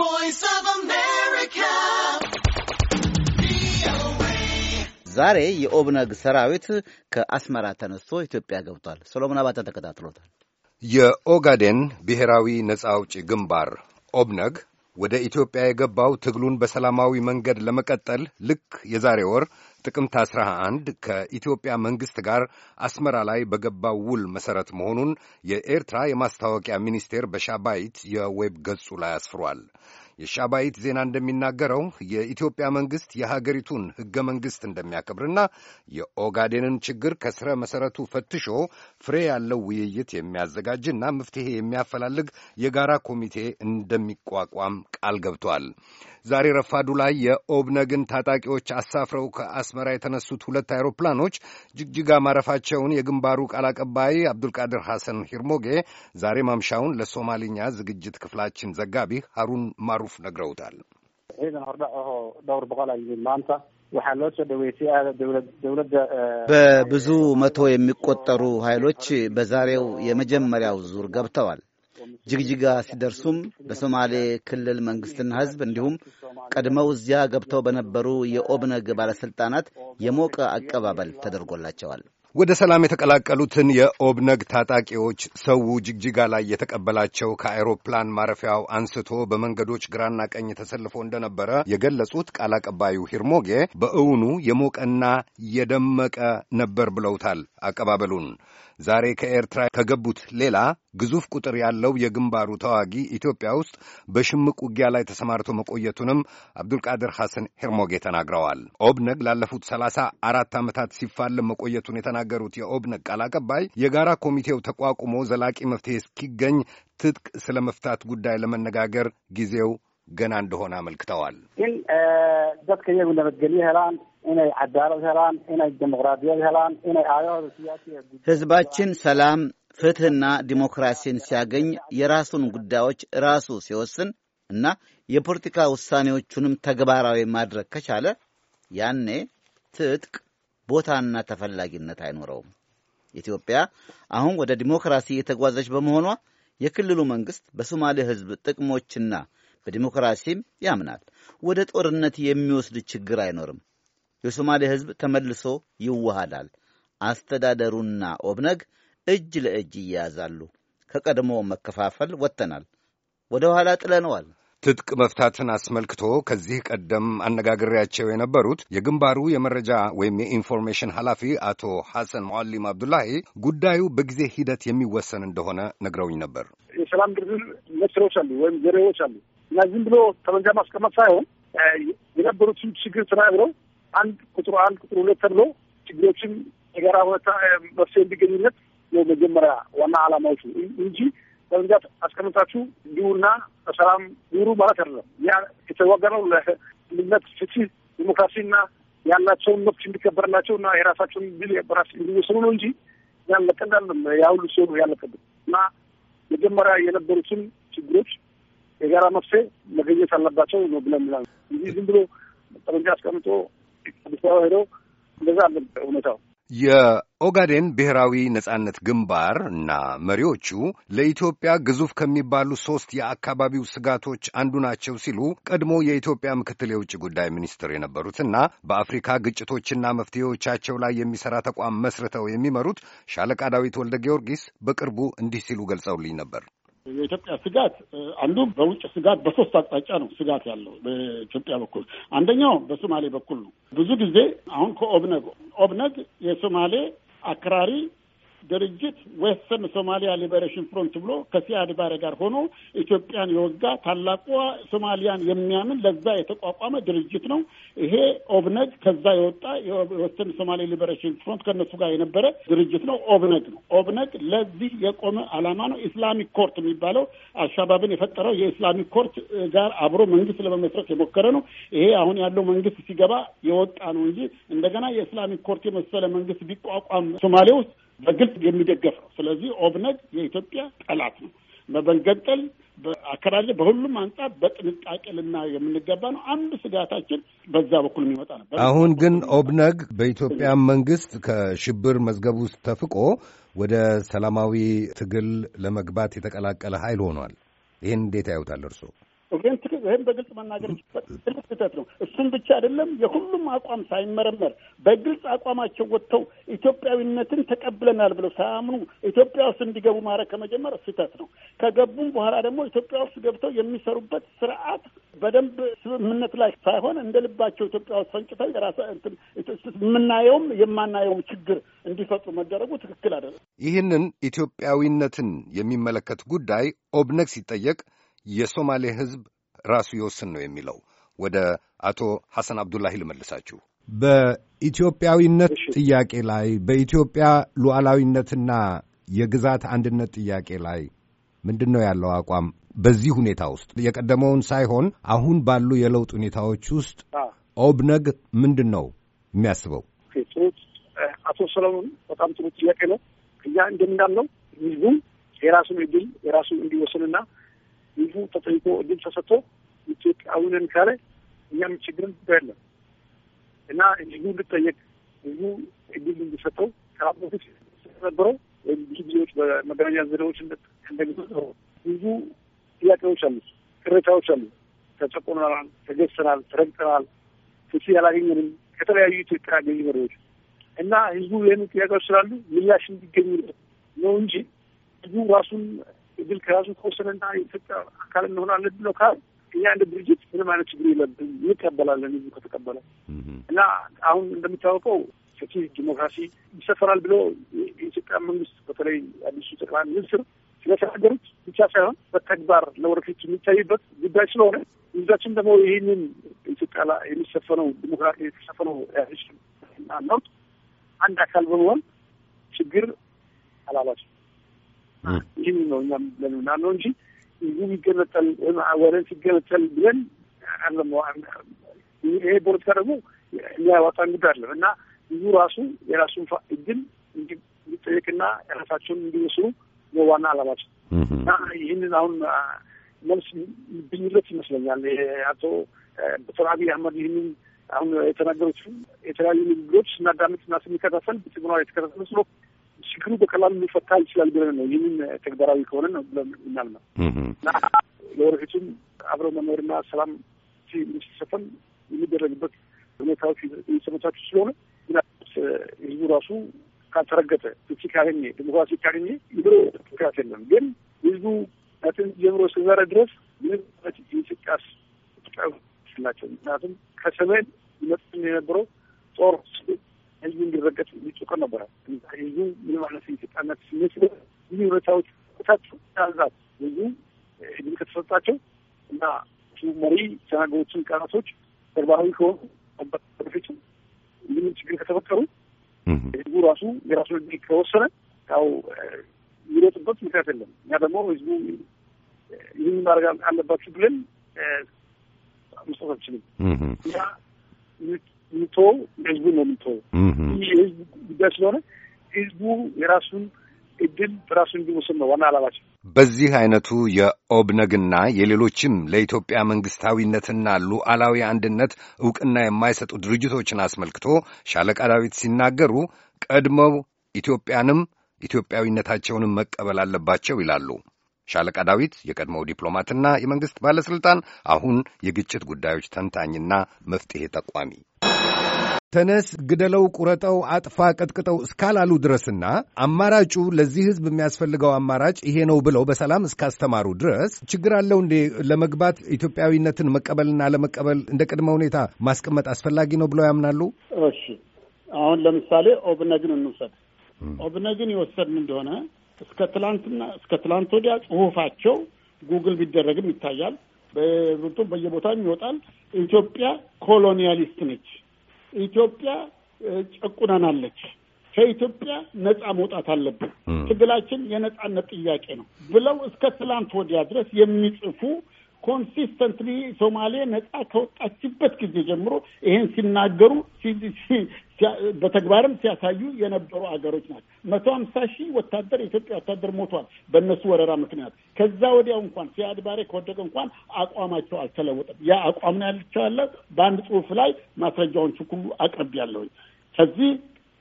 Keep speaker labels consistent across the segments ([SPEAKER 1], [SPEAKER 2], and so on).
[SPEAKER 1] voice of America.
[SPEAKER 2] ዛሬ የኦብነግ ሰራዊት ከአስመራ ተነስቶ ኢትዮጵያ ገብቷል። ሰሎሞን አባተ
[SPEAKER 3] ተከታትሎታል። የኦጋዴን ብሔራዊ ነጻ አውጪ ግንባር ኦብነግ ወደ ኢትዮጵያ የገባው ትግሉን በሰላማዊ መንገድ ለመቀጠል ልክ የዛሬ ወር ጥቅምት 11 ከኢትዮጵያ መንግሥት ጋር አስመራ ላይ በገባው ውል መሠረት መሆኑን የኤርትራ የማስታወቂያ ሚኒስቴር በሻባይት የዌብ ገጹ ላይ አስፍሯል። የሻባይት ዜና እንደሚናገረው የኢትዮጵያ መንግሥት የሀገሪቱን ሕገ መንግሥት እንደሚያከብርና የኦጋዴንን ችግር ከሥረ መሠረቱ ፈትሾ ፍሬ ያለው ውይይት የሚያዘጋጅና መፍትሔ የሚያፈላልግ የጋራ ኮሚቴ እንደሚቋቋም ቃል ገብቷል። ዛሬ ረፋዱ ላይ የኦብነግን ታጣቂዎች አሳፍረው ከአስመራ የተነሱት ሁለት አይሮፕላኖች ጅግጅጋ ማረፋቸውን የግንባሩ ቃል አቀባይ አብዱልቃድር ሐሰን ሂርሞጌ ዛሬ ማምሻውን ለሶማሊኛ ዝግጅት ክፍላችን ዘጋቢ ሀሩን ማሩ ማሩፍ ነግረውታል።
[SPEAKER 4] ciidan hordhac dhowr boqol maanta waxaa loo soo dhaweysay aada
[SPEAKER 2] በብዙ መቶ የሚቆጠሩ ኃይሎች በዛሬው የመጀመሪያው ዙር ገብተዋል። ጅግጅጋ ሲደርሱም በሶማሌ ክልል መንግስትና ሕዝብ እንዲሁም ቀድመው እዚያ ገብተው በነበሩ የኦብነግ ባለሥልጣናት የሞቀ አቀባበል ተደርጎላቸዋል።
[SPEAKER 3] ወደ ሰላም የተቀላቀሉትን የኦብነግ ታጣቂዎች ሰው ጅግጅጋ ላይ የተቀበላቸው ከአይሮፕላን ማረፊያው አንስቶ በመንገዶች ግራና ቀኝ ተሰልፎ እንደነበረ የገለጹት ቃል አቀባዩ ሂርሞጌ በእውኑ የሞቀና የደመቀ ነበር ብለውታል አቀባበሉን። ዛሬ ከኤርትራ ከገቡት ሌላ ግዙፍ ቁጥር ያለው የግንባሩ ተዋጊ ኢትዮጵያ ውስጥ በሽምቅ ውጊያ ላይ ተሰማርቶ መቆየቱንም አብዱልቃድር ሐሰን ሄርሞጌ ተናግረዋል። ኦብነግ ላለፉት ሰላሳ አራት ዓመታት ሲፋለም መቆየቱን የተናገሩት የኦብነግ ቃል አቀባይ የጋራ ኮሚቴው ተቋቁሞ ዘላቂ መፍትሄ እስኪገኝ ትጥቅ ስለ መፍታት ጉዳይ ለመነጋገር ጊዜው ገና እንደሆነ አመልክተዋል።
[SPEAKER 4] ግን dadka iyagu nabadgelyo
[SPEAKER 3] ህዝባችን ሰላም
[SPEAKER 2] ፍትህና ዲሞክራሲን ሲያገኝ የራሱን ጉዳዮች ራሱ ሲወስን እና የፖለቲካ ውሳኔዎቹንም ተግባራዊ ማድረግ ከቻለ ያኔ ትጥቅ ቦታና ተፈላጊነት አይኖረውም። ኢትዮጵያ አሁን ወደ ዲሞክራሲ የተጓዘች በመሆኗ የክልሉ መንግሥት በሶማሌ ሕዝብ ጥቅሞችና በዲሞክራሲም ያምናል። ወደ ጦርነት የሚወስድ ችግር አይኖርም። የሶማሌ ሕዝብ ተመልሶ ይዋሃዳል። አስተዳደሩና ኦብነግ እጅ ለእጅ
[SPEAKER 3] ይያያዛሉ። ከቀድሞ መከፋፈል ወጥተናል፣ ወደ ኋላ ጥለነዋል። ትጥቅ መፍታትን አስመልክቶ ከዚህ ቀደም አነጋግሬያቸው የነበሩት የግንባሩ የመረጃ ወይም የኢንፎርሜሽን ኃላፊ አቶ ሐሰን ሙዓሊም አብዱላሂ ጉዳዩ በጊዜ ሂደት የሚወሰን እንደሆነ ነግረውኝ ነበር።
[SPEAKER 4] የሰላም ድርድር መስሮች አሉ ወይም ዘሬዎች አሉ እና ዝም ብሎ ጠመንጃ ማስቀመጥ ሳይሆን የነበሩትን ችግር ተናግረው አንድ ቁጥሩ አንድ ቁጥሩ ሁለት ተብሎ ችግሮችን የጋራ ሁኔታ መፍትሄ እንዲገኙለት ነው መጀመሪያ ዋና አላማዎቹ እንጂ በብዛት አስቀምጣችሁ እንዲሁና በሰላም ኑሩ ማለት አይደለም። ያ የተዋገረው ለነት ፍትህ፣ ዲሞክራሲና ያላቸውን መብት እንዲከበርላቸው እና የራሳቸውን ቢል በራስ እንዲወስኑ ነው እንጂ ያለቀዳለም ያሁሉ ሲሆኑ ያለቀድ እና መጀመሪያ የነበሩትን ችግሮች የጋራ መፍትሄ መገኘት አለባቸው ነው ብለን እንጂ ዝም ብሎ ጠመንጃ አስቀምጦ አዲስ አበባ ሄደው እንደዛ አለ ሁኔታው።
[SPEAKER 3] የኦጋዴን ብሔራዊ ነጻነት ግንባር እና መሪዎቹ ለኢትዮጵያ ግዙፍ ከሚባሉ ሦስት የአካባቢው ስጋቶች አንዱ ናቸው ሲሉ ቀድሞ የኢትዮጵያ ምክትል የውጭ ጉዳይ ሚኒስትር የነበሩትና በአፍሪካ ግጭቶችና መፍትሄዎቻቸው ላይ የሚሠራ ተቋም መስርተው የሚመሩት ሻለቃ ዳዊት ወልደ ጊዮርጊስ በቅርቡ እንዲህ ሲሉ ገልጸውልኝ ነበር።
[SPEAKER 1] የኢትዮጵያ ስጋት አንዱ በውጭ ስጋት በሶስት አቅጣጫ ነው። ስጋት ያለው በኢትዮጵያ በኩል አንደኛው በሶማሌ በኩል ነው። ብዙ ጊዜ አሁን ከኦብነግ ኦብነግ የሶማሌ አክራሪ ድርጅት ዌስተርን ሶማሊያ ሊበሬሽን ፍሮንት ብሎ ከሲያድ ባሬ ጋር ሆኖ ኢትዮጵያን የወጋ ታላቋ ሶማሊያን የሚያምን ለዛ የተቋቋመ ድርጅት ነው። ይሄ ኦብነግ ከዛ የወጣ የዌስተርን ሶማሊያ ሊበሬሽን ፍሮንት ከነሱ ጋር የነበረ ድርጅት ነው። ኦብነግ ነው። ኦብነግ ለዚህ የቆመ አላማ ነው። ኢስላሚክ ኮርት የሚባለው አልሻባብን የፈጠረው የኢስላሚክ ኮርት ጋር አብሮ መንግስት ለመመስረት የሞከረ ነው። ይሄ አሁን ያለው መንግስት ሲገባ የወጣ ነው እንጂ እንደገና የኢስላሚክ ኮርት የመሰለ መንግስት ቢቋቋም ሶማሌ ውስጥ በግልጽ የሚደገፍ ነው። ስለዚህ ኦብነግ የኢትዮጵያ ጠላት ነው። በመንገንጠል አከራለ በሁሉም አንጻር በጥንቃቄ ልና የምንገባ ነው። አንድ ስጋታችን በዛ በኩል የሚመጣ ነበር።
[SPEAKER 3] አሁን ግን ኦብነግ በኢትዮጵያ መንግስት ከሽብር መዝገብ ውስጥ ተፍቆ ወደ ሰላማዊ ትግል ለመግባት የተቀላቀለ ኃይል ሆኗል። ይህን እንዴት ያዩታል እርስዎ?
[SPEAKER 1] ይህም በግልጽ መናገር ትልቅ ስህተት ነው። እሱም ብቻ አይደለም፣ የሁሉም አቋም ሳይመረመር በግልጽ አቋማቸው ወጥተው ኢትዮጵያዊነትን ተቀብለናል ብለው ሳያምኑ ኢትዮጵያ ውስጥ እንዲገቡ ማድረግ ከመጀመር ስህተት ነው። ከገቡም በኋላ ደግሞ ኢትዮጵያ ውስጥ ገብተው የሚሰሩበት ስርዓት በደንብ ስምምነት ላይ ሳይሆን እንደ ልባቸው ኢትዮጵያ ውስጥ ፈንጭተው የራሳ የምናየውም የማናየውም ችግር እንዲፈጡ መደረጉ ትክክል አይደለም።
[SPEAKER 3] ይህንን ኢትዮጵያዊነትን የሚመለከት ጉዳይ ኦብነግ ሲጠየቅ የሶማሌ ሕዝብ ራሱ ይወስን ነው የሚለው። ወደ አቶ ሐሰን አብዱላሂ ልመልሳችሁ። በኢትዮጵያዊነት ጥያቄ ላይ በኢትዮጵያ ሉዓላዊነትና የግዛት አንድነት ጥያቄ ላይ ምንድን ነው ያለው አቋም? በዚህ ሁኔታ ውስጥ የቀደመውን ሳይሆን አሁን ባሉ የለውጥ ሁኔታዎች ውስጥ ኦብነግ ምንድን ነው የሚያስበው?
[SPEAKER 4] አቶ ሰለሞን በጣም ጥሩ ጥያቄ ነው። እኛ እንደምናምነው ህዝቡ የራሱን እድል የራሱ እንዲወስንና ህዝቡ ተጠይቆ እድል ተሰጥቶ ኢትዮጵያዊንን ካለ እኛም ችግርን የለም እና ህዝቡ እንድጠየቅ ህዝቡ እድል እንዲሰጠው ከአቦች ነበረው ወይም ብዙ ጊዜዎች በመገናኛ ዘዴዎች እንደግዘ ብዙ ጥያቄዎች አሉ፣ ቅሬታዎች አሉ። ተጨቆናል፣ ተገዝተናል፣ ተረግጠናል፣ ፍትህ አላገኘንም ከተለያዩ ኢትዮጵያ ገዢ መሪዎች እና ህዝቡ ይህን ጥያቄዎች ስላሉ ምላሽ እንዲገኙ ነው እንጂ ህዝቡ ራሱን እድል ከያዙ ከወሰነና የኢትዮጵያ አካል እንሆናለን ብሎ ካል እኛ እንደ ድርጅት ምንም አይነት ችግር የለብን እንቀበላለን። ህዝቡ ከተቀበለ እና አሁን እንደሚታወቀው ሰፊ ዲሞክራሲ ይሰፈራል ብሎ የኢትዮጵያ መንግስት በተለይ አዲሱ ጠቅላይ ሚኒስትር ስለተናገሩት ብቻ ሳይሆን በተግባር ለወደፊት የሚታይበት ጉዳይ ስለሆነ ህዝባችን ደግሞ ይህንን ኢትዮጵያ ላ የሚሰፈነው ዲሞክራሲ የተሰፈነው ያሽ እና ለውጥ አንድ አካል በመሆን ችግር አላላቸው ይህን ነው እኛም ብለን ምናምን እንጂ ህዝብ ይገነጠል ወረን ሲገነጠል ብለን ይሄ ፖለቲካ ደግሞ ሊያዋጣ እንግዳ አለም እና ህዝቡ ራሱ የራሱን እድል እንዲጠየቅና የራሳቸውን እንዲወስኑ ነው ዋና አላማቸው እና ይህንን አሁን መልስ ብኝለት ይመስለኛል አቶ ዶክተር አብይ አህመድ ይህንን አሁን የተናገሩት የተለያዩ ንግግሮች ስናዳምጥ እና ስንከታተል ብትግና የተከታተሉ ስሎ ችግሩ በቀላሉ ሊፈታ ይችላል ብለን ነው ይህንን ተግባራዊ ከሆነ ነው ብለን የምናምነው እና ለወደፊቱም አብረው መኖርና ሰላም ሲሰፈን የሚደረግበት ሁኔታዎች የተመቻቹ ስለሆነ ምናልባት ህዝቡ ራሱ ካልተረገጠ ፍቺ ካገኘ ዲሞክራሲ ካገኘ ይብሮ ምክንያት የለም። ግን ህዝቡ ነትን ጀምሮ ስዘረ ድረስ ምንም ነት የኢትዮጵያ ጥቃ ስላቸው ምክንያቱም ከሰሜን ይመጥ የነበረው ጦር ህዝቡ እንዲረገጥ የሚጮቀ ነበረ። ህዝቡ ምን ማለት ኢትዮጵያነት ስሜት ብዙ ሁኔታዎች ቁታቸው ያዛት ብዙ እድሜ ከተሰጣቸው እና መሪ ተናገሮችን ቃላቶች ተግባራዊ ከሆኑ በፊቱ ምንም ችግር ከተፈጠሩ ህዝቡ ራሱ የራሱ እድሜ ከወሰነ ያው የሚሮጥበት ምክንያት የለም። እኛ ደግሞ ህዝቡ ይህን ማድረግ አለባችሁ ብለን መስጠት አንችልም። የምትወው ህዝቡ ነው የምትወው። ይህ የህዝቡ ጉዳይ ስለሆነ ህዝቡ የራሱን እድል በራሱ እንዲወስን ነው ዋና አላማቸው።
[SPEAKER 3] በዚህ አይነቱ የኦብነግና የሌሎችም ለኢትዮጵያ መንግስታዊነትና ሉዓላዊ አንድነት እውቅና የማይሰጡ ድርጅቶችን አስመልክቶ ሻለቃ ዳዊት ሲናገሩ ቀድመው ኢትዮጵያንም ኢትዮጵያዊነታቸውንም መቀበል አለባቸው ይላሉ። ሻለቃ ዳዊት የቀድሞው ዲፕሎማትና የመንግስት ባለሥልጣን፣ አሁን የግጭት ጉዳዮች ተንታኝና መፍትሔ ጠቋሚ ተነስ፣ ግደለው፣ ቁረጠው፣ አጥፋ፣ ቀጥቅጠው እስካላሉ ድረስና አማራጩ ለዚህ ህዝብ የሚያስፈልገው አማራጭ ይሄ ነው ብለው በሰላም እስካስተማሩ ድረስ ችግር አለው እንዴ? ለመግባት ኢትዮጵያዊነትን መቀበልና ለመቀበል እንደ ቅድመ ሁኔታ ማስቀመጥ አስፈላጊ ነው ብለው ያምናሉ? እሺ፣
[SPEAKER 1] አሁን ለምሳሌ ኦብነግን እንውሰድ። ኦብነግን የወሰድን እንደሆነ እስከ ትላንትና እስከ ትላንት ወዲያ ጽሁፋቸው ጉግል ቢደረግም ይታያል። በሩቱም በየቦታም ይወጣል። ኢትዮጵያ ኮሎኒያሊስት ነች ኢትዮጵያ ጨቁነናለች። ከኢትዮጵያ ነጻ መውጣት አለብን፣ ትግላችን የነጻነት ጥያቄ ነው ብለው እስከ ትላንት ወዲያ ድረስ የሚጽፉ ኮንሲስተንትሊ ሶማሌ ነጻ ከወጣችበት ጊዜ ጀምሮ ይሄን ሲናገሩ በተግባርም ሲያሳዩ የነበሩ አገሮች ናቸው። መቶ ሀምሳ ሺህ ወታደር የኢትዮጵያ ወታደር ሞቷል በእነሱ ወረራ ምክንያት። ከዛ ወዲያው እንኳን ሲያድ ባሬ ከወደቀ እንኳን አቋማቸው አልተለወጠም። ያ አቋም ነው ያልቻለ በአንድ ጽሁፍ ላይ ማስረጃዎቹ ሁሉ አቅርብ ያለውኝ ከዚህ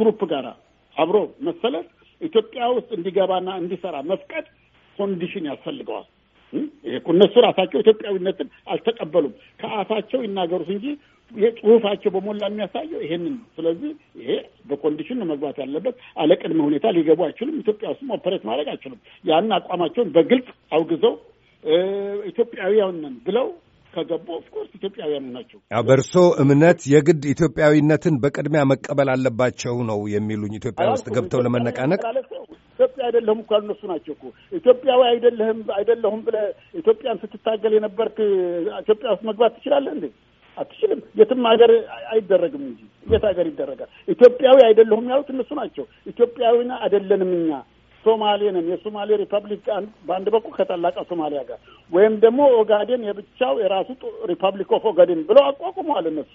[SPEAKER 1] ግሩፕ ጋር አብሮ መሰለፍ ኢትዮጵያ ውስጥ እንዲገባና እንዲሰራ መፍቀድ ኮንዲሽን ያስፈልገዋል። እነሱ ራሳቸው ኢትዮጵያዊነትን አልተቀበሉም። ከአፋቸው ይናገሩት እንጂ የጽሁፋቸው በሞላ የሚያሳየው ይሄንን ነው። ስለዚህ ይሄ በኮንዲሽን ነው መግባት ያለበት። አለቅድመ ሁኔታ ሊገቡ አይችሉም። ኢትዮጵያ ውስጥም ኦፐሬት ማድረግ አይችሉም። ያን አቋማቸውን በግልጽ አውግዘው ኢትዮጵያውያንን ብለው ከገቡ ኦፍኮርስ ኢትዮጵያውያን ናቸው።
[SPEAKER 3] በእርሶ እምነት የግድ ኢትዮጵያዊነትን በቅድሚያ መቀበል አለባቸው ነው የሚሉኝ? ኢትዮጵያ ውስጥ ገብተው ለመነቃነቅ
[SPEAKER 1] አይደለሁም እኮ እነሱ ናቸው እኮ ኢትዮጵያዊ አይደለህም አይደለሁም ብለህ ኢትዮጵያን ስትታገል የነበርክ ኢትዮጵያ ውስጥ መግባት ትችላለህ እንዴ? አትችልም። የትም ሀገር አይደረግም እንጂ የት ሀገር ይደረጋል? ኢትዮጵያዊ አይደለሁም ያሉት እነሱ ናቸው። ኢትዮጵያዊና አይደለንም እኛ ሶማሌ ነን። የሶማሌ ሪፐብሊክ በአንድ በኩል ከታላቋ ሶማሊያ ጋር ወይም ደግሞ ኦጋዴን የብቻው የራሱ ሪፐብሊክ ኦፍ ኦጋዴን ብለው አቋቁመዋል እነሱ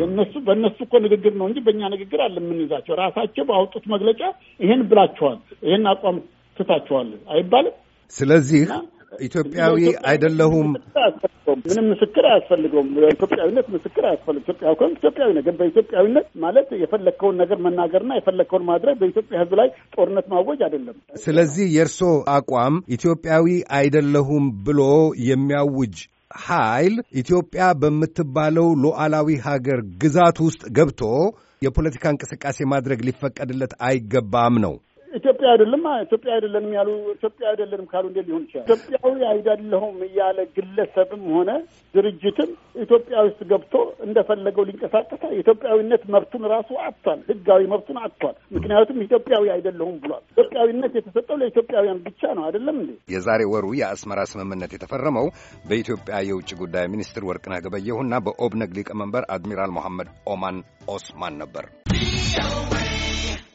[SPEAKER 1] የነሱ በእነሱ እኮ ንግግር ነው እንጂ በእኛ ንግግር አለ የምንይዛቸው። ራሳቸው በአውጡት መግለጫ ይሄን ብላችኋል፣ ይሄን አቋም ትታችኋል አይባልም።
[SPEAKER 3] ስለዚህ ኢትዮጵያዊ አይደለሁም
[SPEAKER 1] ምንም ምስክር አያስፈልገውም። ኢትዮጵያዊነት ምስክር አያስፈልግ። ኢትዮጵያ ኮን ኢትዮጵያዊ ነገር በኢትዮጵያዊነት ማለት የፈለግከውን ነገር መናገርና የፈለግከውን ማድረግ በኢትዮጵያ ሕዝብ ላይ ጦርነት ማወጅ አይደለም።
[SPEAKER 3] ስለዚህ የእርሶ አቋም ኢትዮጵያዊ አይደለሁም ብሎ የሚያውጅ ኃይል ኢትዮጵያ በምትባለው ሉዓላዊ ሀገር ግዛት ውስጥ ገብቶ የፖለቲካ እንቅስቃሴ ማድረግ ሊፈቀድለት አይገባም ነው
[SPEAKER 1] ኢትዮጵያ አይደለም ኢትዮጵያ አይደለንም ያሉ ኢትዮጵያ አይደለንም ካሉ እንዴት ሊሆን ይችላል? ኢትዮጵያዊ አይደለሁም እያለ ግለሰብም ሆነ ድርጅትም ኢትዮጵያ ውስጥ ገብቶ እንደፈለገው ሊንቀሳቀሳ የኢትዮጵያዊነት መብቱን ራሱ አጥቷል። ህጋዊ መብቱን አጥቷል። ምክንያቱም ኢትዮጵያዊ አይደለሁም ብሏል። ኢትዮጵያዊነት የተሰጠው ለኢትዮጵያውያን ብቻ ነው አይደለም እንዴ?
[SPEAKER 3] የዛሬ ወሩ የአስመራ ስምምነት የተፈረመው በኢትዮጵያ የውጭ ጉዳይ ሚኒስትር ወርቅነህ ገበየሁና በኦብነግ ሊቀመንበር አድሚራል ሞሐመድ ኦማን ኦስማን ነበር።